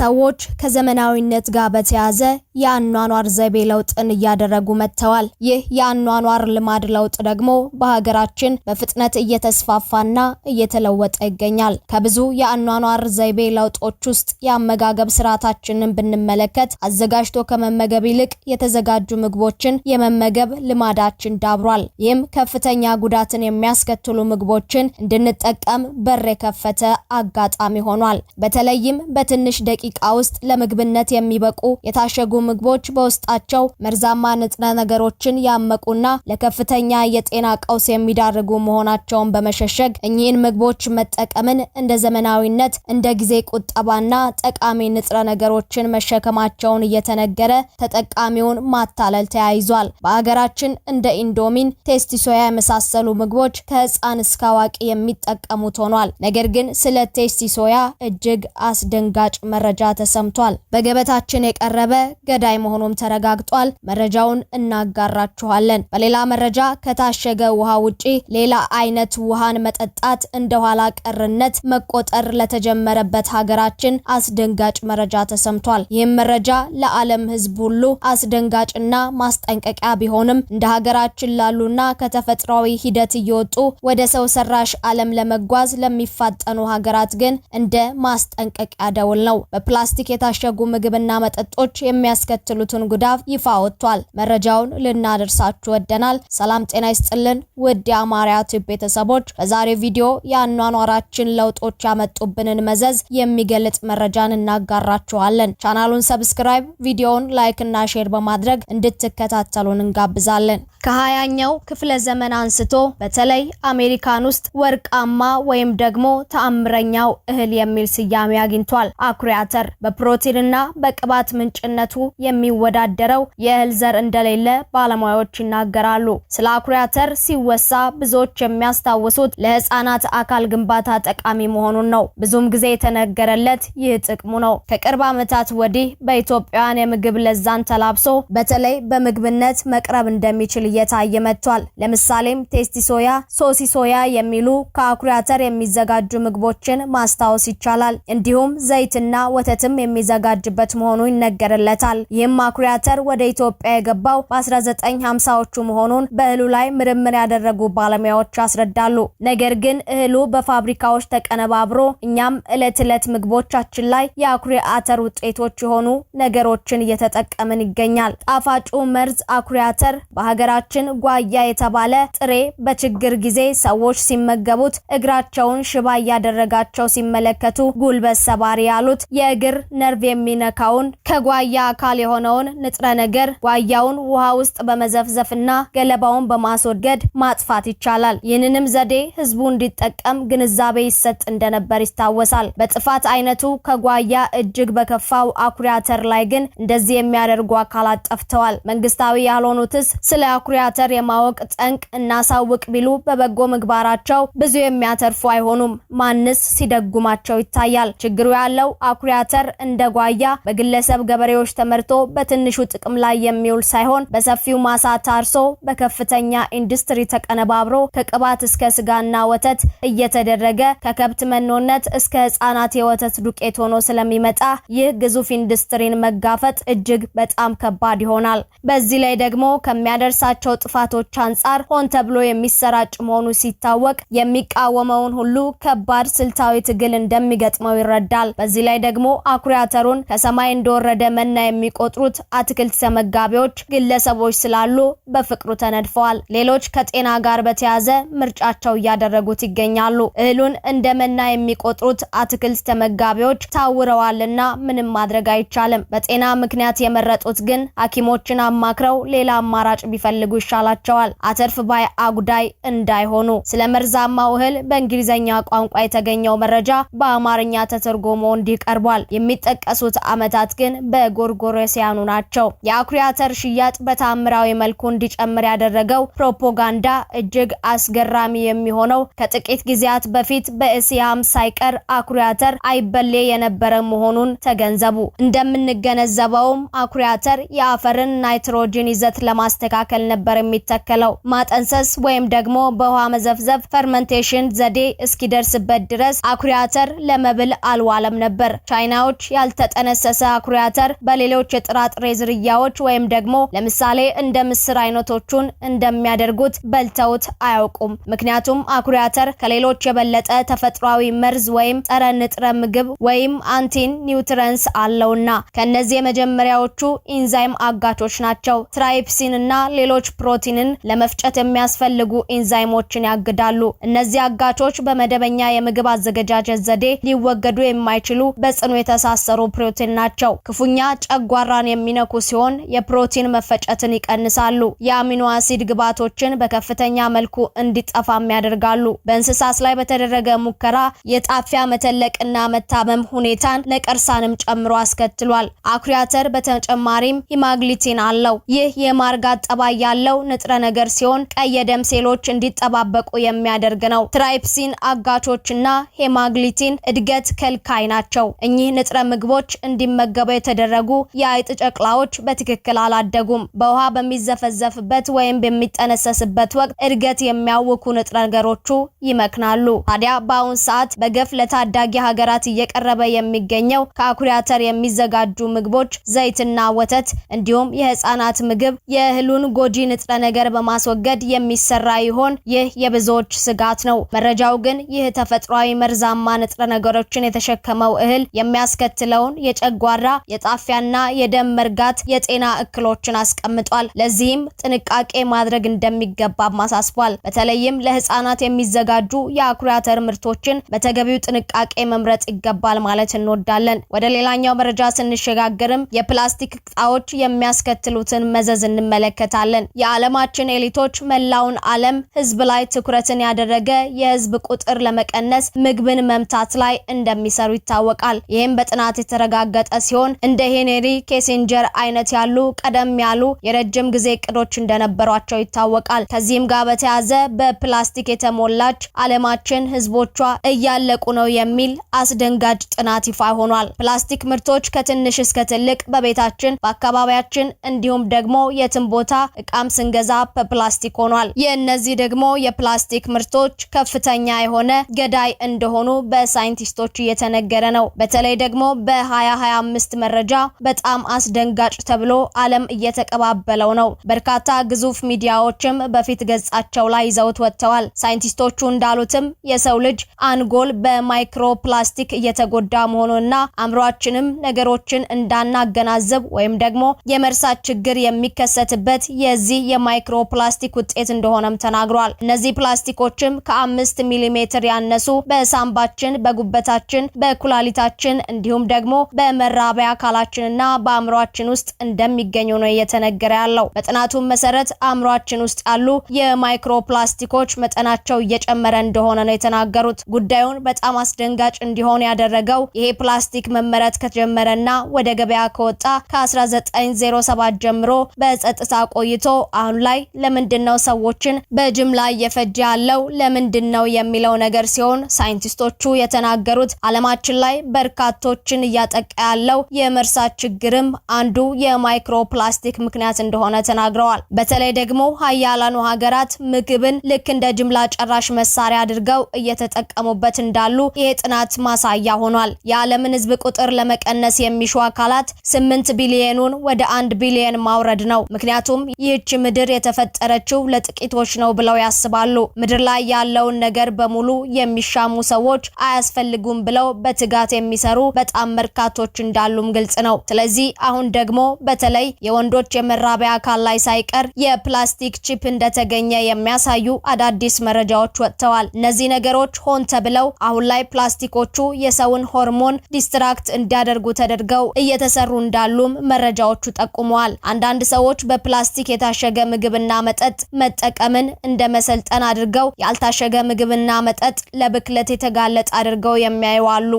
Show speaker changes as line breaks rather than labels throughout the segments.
ሰዎች ከዘመናዊነት ጋር በተያያዘ የአኗኗር ዘይቤ ለውጥን እያደረጉ መጥተዋል። ይህ የአኗኗር ልማድ ለውጥ ደግሞ በሀገራችን በፍጥነት እየተስፋፋና እየተለወጠ ይገኛል። ከብዙ የአኗኗር ዘይቤ ለውጦች ውስጥ የአመጋገብ ስርዓታችንን ብንመለከት አዘጋጅቶ ከመመገብ ይልቅ የተዘጋጁ ምግቦችን የመመገብ ልማዳችን ዳብሯል። ይህም ከፍተኛ ጉዳትን የሚያስከትሉ ምግቦችን እንድንጠቀም በር የከፈተ አጋጣሚ ሆኗል። በተለይም በትንሽ ደ። ደቂቃ ውስጥ ለምግብነት የሚበቁ የታሸጉ ምግቦች በውስጣቸው መርዛማ ንጥረ ነገሮችን ያመቁና ለከፍተኛ የጤና ቀውስ የሚዳርጉ መሆናቸውን በመሸሸግ እኚህን ምግቦች መጠቀምን እንደ ዘመናዊነት፣ እንደ ጊዜ ቁጠባና ጠቃሚ ንጥረ ነገሮችን መሸከማቸውን እየተነገረ ተጠቃሚውን ማታለል ተያይዟል። በሀገራችን እንደ ኢንዶሚን፣ ቴስቲ ሶያ የመሳሰሉ ምግቦች ከህፃን እስከ አዋቂ የሚጠቀሙት ሆኗል። ነገር ግን ስለ ቴስቲ ሶያ እጅግ አስደንጋጭ መረ መረጃ ተሰምቷል። በገበታችን የቀረበ ገዳይ መሆኑም ተረጋግጧል። መረጃውን እናጋራችኋለን። በሌላ መረጃ ከታሸገ ውሃ ውጪ ሌላ አይነት ውሃን መጠጣት እንደ ኋላ ቀርነት መቆጠር ለተጀመረበት ሀገራችን አስደንጋጭ መረጃ ተሰምቷል። ይህም መረጃ ለዓለም ሕዝብ ሁሉ አስደንጋጭና ማስጠንቀቂያ ቢሆንም እንደ ሀገራችን ላሉና ከተፈጥሯዊ ሂደት እየወጡ ወደ ሰው ሰራሽ ዓለም ለመጓዝ ለሚፋጠኑ ሀገራት ግን እንደ ማስጠንቀቂያ ደውል ነው። በፕላስቲክ የታሸጉ ምግብና መጠጦች የሚያስከትሉትን ጉዳት ይፋ ወጥቷል። መረጃውን ልናደርሳችሁ ወደናል። ሰላም ጤና ይስጥልን ውድ የአማርያ ቲዩብ ቤተሰቦች፣ በዛሬ ቪዲዮ የአኗኗራችን ለውጦች ያመጡብንን መዘዝ የሚገልጽ መረጃን እናጋራችኋለን። ቻናሉን ሰብስክራይብ፣ ቪዲዮውን ላይክ እና ሼር በማድረግ እንድትከታተሉን እንጋብዛለን። ከሀያኛው ክፍለ ዘመን አንስቶ በተለይ አሜሪካን ውስጥ ወርቃማ ወይም ደግሞ ተአምረኛው እህል የሚል ስያሜ አግኝቷል። አኩሪያ ቲያትር በፕሮቲንና በቅባት ምንጭነቱ የሚወዳደረው የእህል ዘር እንደሌለ ባለሙያዎች ይናገራሉ። ስለ አኩሪ አተር ሲወሳ ብዙዎች የሚያስታውሱት ለህፃናት አካል ግንባታ ጠቃሚ መሆኑን ነው። ብዙም ጊዜ የተነገረለት ይህ ጥቅሙ ነው። ከቅርብ ዓመታት ወዲህ በኢትዮጵያውያን የምግብ ለዛን ተላብሶ በተለይ በምግብነት መቅረብ እንደሚችል እየታየ መጥቷል። ለምሳሌም ቴስቲ ሶያ፣ ሶሲ ሶያ የሚሉ ከአኩሪ አተር የሚዘጋጁ ምግቦችን ማስታወስ ይቻላል። እንዲሁም ዘይትና ወተትም የሚዘጋጅበት መሆኑ ይነገርለታል። ይህም አኩሪ አተር ወደ ኢትዮጵያ የገባው በ1950ዎቹ መሆኑን በእህሉ ላይ ምርምር ያደረጉ ባለሙያዎች ያስረዳሉ። ነገር ግን እህሉ በፋብሪካዎች ተቀነባብሮ እኛም እለት ዕለት ምግቦቻችን ላይ የአኩሪ አተር ውጤቶች የሆኑ ነገሮችን እየተጠቀምን ይገኛል። ጣፋጩ መርዝ አኩሪ አተር በሀገራችን ጓያ የተባለ ጥሬ በችግር ጊዜ ሰዎች ሲመገቡት እግራቸውን ሽባ እያደረጋቸው ሲመለከቱ ጉልበት ሰባሪ ያሉት የ የእግር ነርቭ የሚነካውን ከጓያ አካል የሆነውን ንጥረ ነገር ጓያውን ውሃ ውስጥ በመዘፍዘፍና ገለባውን በማስወገድ ማጥፋት ይቻላል። ይህንንም ዘዴ ህዝቡ እንዲጠቀም ግንዛቤ ይሰጥ እንደነበር ይታወሳል። በጥፋት አይነቱ ከጓያ እጅግ በከፋው አኩሪ አተር ላይ ግን እንደዚህ የሚያደርጉ አካላት ጠፍተዋል። መንግስታዊ ያልሆኑትስ ስለ አኩሪ አተር የማወቅ ጠንቅ እናሳውቅ ቢሉ በበጎ ምግባራቸው ብዙ የሚያተርፉ አይሆኑም። ማንስ ሲደጉማቸው ይታያል። ችግሩ ያለው አኩሪ አተር እንደ ጓያ በግለሰብ ገበሬዎች ተመርቶ በትንሹ ጥቅም ላይ የሚውል ሳይሆን በሰፊው ማሳ ታርሶ በከፍተኛ ኢንዱስትሪ ተቀነባብሮ ከቅባት እስከ ስጋና ወተት እየተደረገ ከከብት መኖነት እስከ ህጻናት የወተት ዱቄት ሆኖ ስለሚመጣ ይህ ግዙፍ ኢንዱስትሪን መጋፈጥ እጅግ በጣም ከባድ ይሆናል። በዚህ ላይ ደግሞ ከሚያደርሳቸው ጥፋቶች አንጻር ሆን ተብሎ የሚሰራጭ መሆኑ ሲታወቅ የሚቃወመውን ሁሉ ከባድ ስልታዊ ትግል እንደሚገጥመው ይረዳል። በዚህ ላይ ደግሞ ደግሞ አኩሪ አተሩን ከሰማይ እንደወረደ መና የሚቆጥሩት አትክልት ተመጋቢዎች ግለሰቦች ስላሉ በፍቅሩ ተነድፈዋል። ሌሎች ከጤና ጋር በተያያዘ ምርጫቸው እያደረጉት ይገኛሉ። እህሉን እንደ መና የሚቆጥሩት አትክልት ተመጋቢዎች ታውረዋልና ምንም ማድረግ አይቻልም። በጤና ምክንያት የመረጡት ግን ሐኪሞችን አማክረው ሌላ አማራጭ ቢፈልጉ ይሻላቸዋል። አተርፍ ባይ አጉዳይ እንዳይሆኑ። ስለ መርዛማው እህል በእንግሊዝኛ ቋንቋ የተገኘው መረጃ በአማርኛ ተተርጎሞ እንዲቀርቡ ቀርቧል። የሚጠቀሱት ዓመታት ግን በጎርጎሮሲያኑ ናቸው። የአኩሪ አተር ሽያጭ በታምራዊ መልኩ እንዲጨምር ያደረገው ፕሮፖጋንዳ እጅግ አስገራሚ የሚሆነው ከጥቂት ጊዜያት በፊት በእስያም ሳይቀር አኩሪ አተር አይበሌ የነበረ መሆኑን ተገንዘቡ። እንደምንገነዘበውም አኩሪ አተር የአፈርን ናይትሮጅን ይዘት ለማስተካከል ነበር የሚተከለው። ማጠንሰስ ወይም ደግሞ በውሃ መዘፍዘፍ ፈርመንቴሽን ዘዴ እስኪደርስበት ድረስ አኩሪ አተር ለመብል አልዋለም ነበር። ቻይናዎች ያልተጠነሰሰ አኩሪ አተር በሌሎች የጥራጥሬ ዝርያዎች ወይም ደግሞ ለምሳሌ እንደ ምስር አይነቶቹን እንደሚያደርጉት በልተውት አያውቁም። ምክንያቱም አኩሪ አተር ከሌሎች የበለጠ ተፈጥሯዊ መርዝ ወይም ጸረ ንጥረ ምግብ ወይም አንቲን ኒውትረንስ አለውና ከእነዚህ የመጀመሪያዎቹ ኢንዛይም አጋቾች ናቸው። ትራይፕሲን እና ሌሎች ፕሮቲንን ለመፍጨት የሚያስፈልጉ ኢንዛይሞችን ያግዳሉ። እነዚህ አጋቾች በመደበኛ የምግብ አዘገጃጀት ዘዴ ሊወገዱ የማይችሉ በጽ በጽኑ የተሳሰሩ ፕሮቲን ናቸው። ክፉኛ ጨጓራን የሚነኩ ሲሆን የፕሮቲን መፈጨትን ይቀንሳሉ። የአሚኖ አሲድ ግባቶችን በከፍተኛ መልኩ እንዲጠፋም ያደርጋሉ። በእንስሳት ላይ በተደረገ ሙከራ የጣፊያ መተለቅና መታመም ሁኔታን ነቀርሳንም ጨምሮ አስከትሏል። አኩሪ አተር በተጨማሪም ሂማግሊቲን አለው። ይህ የማርጋት ጠባይ ያለው ንጥረ ነገር ሲሆን ቀይ የደም ሴሎች እንዲጠባበቁ የሚያደርግ ነው። ትራይፕሲን አጋቾችና ሄማግሊቲን እድገት ከልካይ ናቸው። እነኚህ ንጥረ ምግቦች እንዲመገቡ የተደረጉ የአይጥ ጨቅላዎች በትክክል አላደጉም። በውሃ በሚዘፈዘፍበት ወይም በሚጠነሰስበት ወቅት እድገት የሚያውኩ ንጥረ ነገሮቹ ይመክናሉ። ታዲያ በአሁን ሰዓት በገፍ ለታዳጊ ሀገራት እየቀረበ የሚገኘው ከአኩሪ አተር የሚዘጋጁ ምግቦች፣ ዘይትና ወተት እንዲሁም የህፃናት ምግብ የእህሉን ጎጂ ንጥረ ነገር በማስወገድ የሚሰራ ይሆን? ይህ የብዙዎች ስጋት ነው። መረጃው ግን ይህ ተፈጥሯዊ መርዛማ ንጥረ ነገሮችን የተሸከመው እህል የሚያስከትለውን የጨጓራ የጣፊያና የደም መርጋት የጤና እክሎችን አስቀምጧል። ለዚህም ጥንቃቄ ማድረግ እንደሚገባ አሳስቧል። በተለይም ለህፃናት የሚዘጋጁ የአኩሪ አተር ምርቶችን በተገቢው ጥንቃቄ መምረጥ ይገባል ማለት እንወዳለን። ወደ ሌላኛው መረጃ ስንሸጋገርም የፕላስቲክ እቃዎች የሚያስከትሉትን መዘዝ እንመለከታለን። የዓለማችን ኤሊቶች መላውን ዓለም ህዝብ ላይ ትኩረትን ያደረገ የህዝብ ቁጥር ለመቀነስ ምግብን መምታት ላይ እንደሚሰሩ ይታወቃል። ይህም በጥናት የተረጋገጠ ሲሆን እንደ ሄኔሪ ኬሲንጀር አይነት ያሉ ቀደም ያሉ የረጅም ጊዜ እቅዶች እንደነበሯቸው ይታወቃል። ከዚህም ጋር በተያያዘ በፕላስቲክ የተሞላች ዓለማችን ህዝቦቿ እያለቁ ነው የሚል አስደንጋጭ ጥናት ይፋ ሆኗል። ፕላስቲክ ምርቶች ከትንሽ እስከ ትልቅ በቤታችን በአካባቢያችን እንዲሁም ደግሞ የትም ቦታ እቃም ስንገዛ በፕላስቲክ ሆኗል። የእነዚህ ደግሞ የፕላስቲክ ምርቶች ከፍተኛ የሆነ ገዳይ እንደሆኑ በሳይንቲስቶች እየተነገረ ነው። በተለይ ደግሞ በ2025 መረጃ በጣም አስደንጋጭ ተብሎ ዓለም እየተቀባበለው ነው። በርካታ ግዙፍ ሚዲያዎችም በፊት ገጻቸው ላይ ይዘውት ወጥተዋል። ሳይንቲስቶቹ እንዳሉትም የሰው ልጅ አንጎል በማይክሮፕላስቲክ እየተጎዳ መሆኑና አእምሯችንም ነገሮችን እንዳናገናዘብ ወይም ደግሞ የመርሳት ችግር የሚከሰትበት የዚህ የማይክሮፕላስቲክ ውጤት እንደሆነም ተናግሯል። እነዚህ ፕላስቲኮችም ከአምስት ሚሊሜትር ያነሱ በሳምባችን፣ በጉበታችን፣ በኩላሊታችን ሆነን እንዲሁም ደግሞ በመራቢያ አካላችንና በአእምሯችን ውስጥ እንደሚገኙ ነው እየተነገረ ያለው። በጥናቱም መሰረት አእምሯችን ውስጥ ያሉ የማይክሮፕላስቲኮች መጠናቸው እየጨመረ እንደሆነ ነው የተናገሩት። ጉዳዩን በጣም አስደንጋጭ እንዲሆን ያደረገው ይሄ ፕላስቲክ መመረት ከተጀመረና ወደ ገበያ ከወጣ ከ1907 ጀምሮ በጸጥታ ቆይቶ አሁን ላይ ለምንድን ነው ሰዎችን በጅምላ እየፈጀ ያለው ለምንድን ነው የሚለው ነገር ሲሆን ሳይንቲስቶቹ የተናገሩት አለማችን ላይ በርካታ በርካቶችን እያጠቃ ያለው የመርሳት ችግርም አንዱ የማይክሮፕላስቲክ ምክንያት እንደሆነ ተናግረዋል። በተለይ ደግሞ ሀያላኑ ሀገራት ምግብን ልክ እንደ ጅምላ ጨራሽ መሳሪያ አድርገው እየተጠቀሙበት እንዳሉ ይህ ጥናት ማሳያ ሆኗል። የዓለምን ህዝብ ቁጥር ለመቀነስ የሚሹ አካላት ስምንት ቢሊዮኑን ወደ አንድ ቢሊዮን ማውረድ ነው። ምክንያቱም ይህች ምድር የተፈጠረችው ለጥቂቶች ነው ብለው ያስባሉ። ምድር ላይ ያለውን ነገር በሙሉ የሚሻሙ ሰዎች አያስፈልጉም ብለው በትጋት የሚሰ የሚሰሩ በጣም መርካቶች እንዳሉም ግልጽ ነው። ስለዚህ አሁን ደግሞ በተለይ የወንዶች የመራቢያ አካል ላይ ሳይቀር የፕላስቲክ ቺፕ እንደተገኘ የሚያሳዩ አዳዲስ መረጃዎች ወጥተዋል። እነዚህ ነገሮች ሆን ተብለው አሁን ላይ ፕላስቲኮቹ የሰውን ሆርሞን ዲስትራክት እንዲያደርጉ ተደርገው እየተሰሩ እንዳሉም መረጃዎቹ ጠቁመዋል። አንዳንድ ሰዎች በፕላስቲክ የታሸገ ምግብና መጠጥ መጠቀምን እንደ መሰልጠን አድርገው ያልታሸገ ምግብና መጠጥ ለብክለት የተጋለጠ አድርገው የሚያዩ አሉ።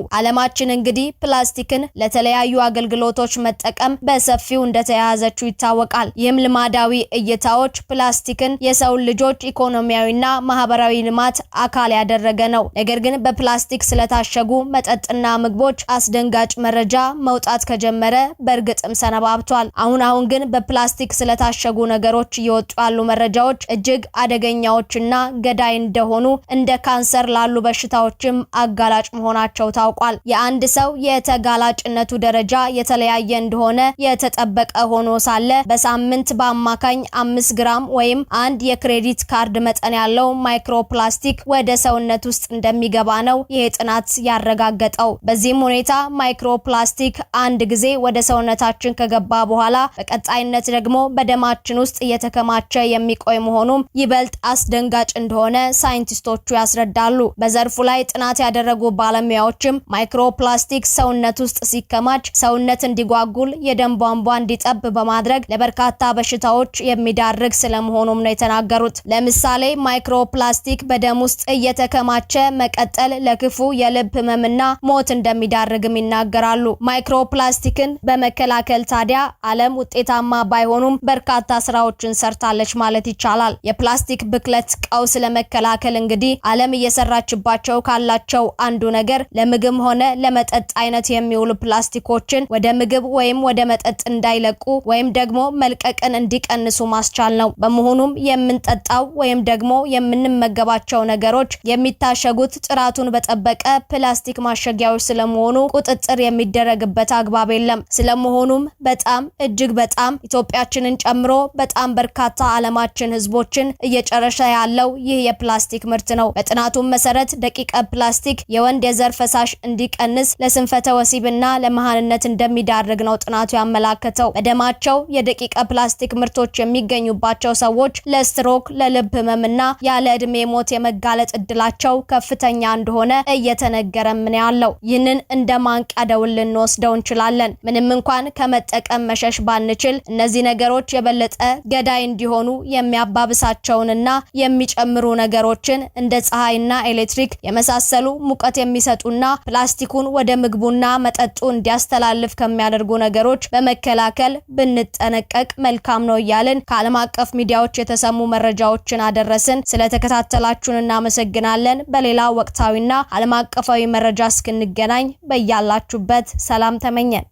እንግዲህ ፕላስቲክን ለተለያዩ አገልግሎቶች መጠቀም በሰፊው እንደተያያዘችው ይታወቃል። ይህም ልማዳዊ እይታዎች ፕላስቲክን የሰውን ልጆች ኢኮኖሚያዊና ማህበራዊ ልማት አካል ያደረገ ነው። ነገር ግን በፕላስቲክ ስለታሸጉ መጠጥና ምግቦች አስደንጋጭ መረጃ መውጣት ከጀመረ በእርግጥም ሰነባብቷል። አሁን አሁን ግን በፕላስቲክ ስለታሸጉ ነገሮች እየወጡ ያሉ መረጃዎች እጅግ አደገኛዎችና ገዳይ እንደሆኑ እንደ ካንሰር ላሉ በሽታዎችም አጋላጭ መሆናቸው ታውቋል። የአንድ ሰው የተጋላጭነቱ ደረጃ የተለያየ እንደሆነ የተጠበቀ ሆኖ ሳለ በሳምንት በአማካኝ አምስት ግራም ወይም አንድ የክሬዲት ካርድ መጠን ያለው ማይክሮፕላስቲክ ወደ ሰውነት ውስጥ እንደሚገባ ነው ይሄ ጥናት ያረጋገጠው። በዚህም ሁኔታ ማይክሮፕላስቲክ አንድ ጊዜ ወደ ሰውነታችን ከገባ በኋላ በቀጣይነት ደግሞ በደማችን ውስጥ እየተከማቸ የሚቆይ መሆኑም ይበልጥ አስደንጋጭ እንደሆነ ሳይንቲስቶቹ ያስረዳሉ። በዘርፉ ላይ ጥናት ያደረጉ ባለሙያዎችም ማይክሮፕላ ፕላስቲክ ሰውነት ውስጥ ሲከማች ሰውነት እንዲጓጉል፣ የደም ቧንቧ እንዲጠብ በማድረግ ለበርካታ በሽታዎች የሚዳርግ ስለመሆኑም ነው የተናገሩት። ለምሳሌ ማይክሮፕላስቲክ በደም ውስጥ እየተከማቸ መቀጠል ለክፉ የልብ ህመምና ሞት እንደሚዳርግም ይናገራሉ። ማይክሮፕላስቲክን በመከላከል ታዲያ ዓለም ውጤታማ ባይሆኑም በርካታ ስራዎችን ሰርታለች ማለት ይቻላል። የፕላስቲክ ብክለት ቀውስ ለመከላከል እንግዲህ ዓለም እየሰራችባቸው ካላቸው አንዱ ነገር ለምግብም ሆነ ለመ ለመጠጥ አይነት የሚውሉ ፕላስቲኮችን ወደ ምግብ ወይም ወደ መጠጥ እንዳይለቁ ወይም ደግሞ መልቀቅን እንዲቀንሱ ማስቻል ነው። በመሆኑም የምንጠጣው ወይም ደግሞ የምንመገባቸው ነገሮች የሚታሸጉት ጥራቱን በጠበቀ ፕላስቲክ ማሸጊያዎች ስለመሆኑ ቁጥጥር የሚደረግበት አግባብ የለም። ስለመሆኑም በጣም እጅግ በጣም ኢትዮጵያችንን ጨምሮ በጣም በርካታ ዓለማችን ህዝቦችን እየጨረሰ ያለው ይህ የፕላስቲክ ምርት ነው። በጥናቱም መሰረት ደቂቀ ፕላስቲክ የወንድ የዘር ፈሳሽ እንዲቀንስ ለስንፈተ ወሲብና ለመሃንነት እንደሚዳርግ ነው ጥናቱ ያመላከተው። በደማቸው የደቂቀ ፕላስቲክ ምርቶች የሚገኙባቸው ሰዎች ለስትሮክ፣ ለልብ ህመምና ያለ ዕድሜ ሞት የመጋለጥ እድላቸው ከፍተኛ እንደሆነ እየተነገረ ምን ያለው ይህንን እንደ ማንቂያ ደውል ልንወስደው እንችላለን። ምንም እንኳን ከመጠቀም መሸሽ ባንችል እነዚህ ነገሮች የበለጠ ገዳይ እንዲሆኑ የሚያባብሳቸውንና የሚጨምሩ ነገሮችን እንደ ፀሐይና ኤሌክትሪክ የመሳሰሉ ሙቀት የሚሰጡና ፕላስቲኩን ወደ ወደ ምግቡና መጠጡ እንዲያስተላልፍ ከሚያደርጉ ነገሮች በመከላከል ብንጠነቀቅ መልካም ነው እያልን ከዓለም አቀፍ ሚዲያዎች የተሰሙ መረጃዎችን አደረስን። ስለተከታተላችሁን እናመሰግናለን። በሌላ ወቅታዊና ዓለም አቀፋዊ መረጃ እስክንገናኝ በያላችሁበት ሰላም ተመኘን።